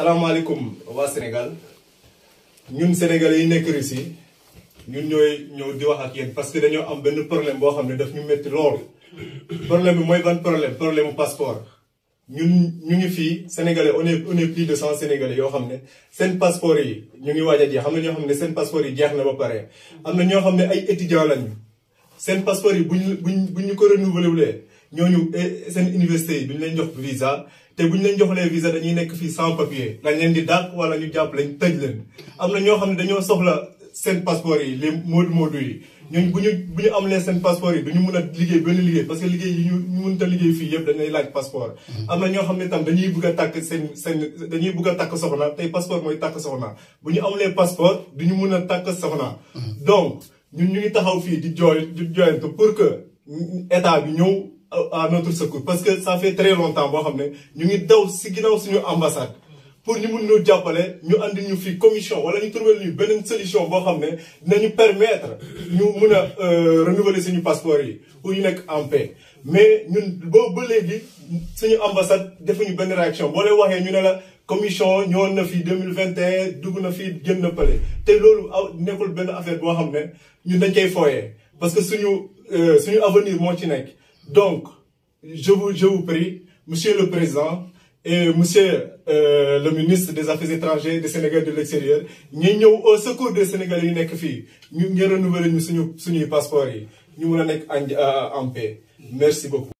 salaamaaleykum waa Sénégal ñun sénégalais yi nekk Russie ñun ñooy ñëw di wax ak yéen parce que dañoo am benn problème boo xam ne daf ñu métti lool. problème bi mooy ban problème problème mu passeport ñun ñu ngi fii sénégalais on est on est plus de cent sénégalais yoo xam ne seen passeport yi ñu ngi waaj a jeex xam na ñoo xam ne seen passeport yi jeex na ba pare. am na ñoo xam ne ay étudiants lañu seen passeport yi buñ buñ buñ ñu ko renouvelé ñoo ñu eh, seen université yi ñu leen jox visa te buñ leen joxlee visa dañuy nekk fii sans papier dañ leen wala ñu jàpp lañ tëj leen. am na ñoo xam ne dañoo soxla seen passeport yi les moodu moodu yi ñooñu bu ñu bu ñu amulee seen passeport yi duñu mën a liggéey benn liggéey parce que liggéey yi ñu ñu mënut a liggéey fii yëpp dañ lay laaj passeport. Mm-hmm. am na ñoo xam ne tam dañuy bëgg a takk seen seen dañuy bëgg a takk soxna tey passeport mooy takk soxna bu ñu am amulee passeport ñu mun a takk soxna mm-hmm. donc ñun ñu ngi taxaw fii di jooy di jooyantu pour que mm-, état bi ñëw à notre secours parce que ça fait très longtemps boo xam ne ñu ngi daw si ginnaaw suñu ambassade pour ñu mun ñu jàppale ñu andi ñu fii commission wala ñu trouver ñu beneen solution boo xam ne dinañu permettre ñu mun a euh, renouveler suñu passeport yi pour ñu nekk en paix mais ñun boo ba léegi suñu ambassade defuñu benn réaction boo leen waxee ñu ne la commission ñëwoon na fii deux mille vingt et un dugg na fii génn na pale te loolu nekkul benn affaire boo xam ne ñu dañ koy fooyee parce que suñu euh, suñu avenir moo ci nekk. Donc, je vous, je vous prie, Monsieur le Président et Monsieur euh, le ministre des Affaires étrangères du Sénégal de l'extérieur ñu ñëw au secours des Sénégalais yi nekk fii ñu ngeen renouveler ñu suñu suñuy passeport yi ñu mën a nekk en en paix merci beaucoup.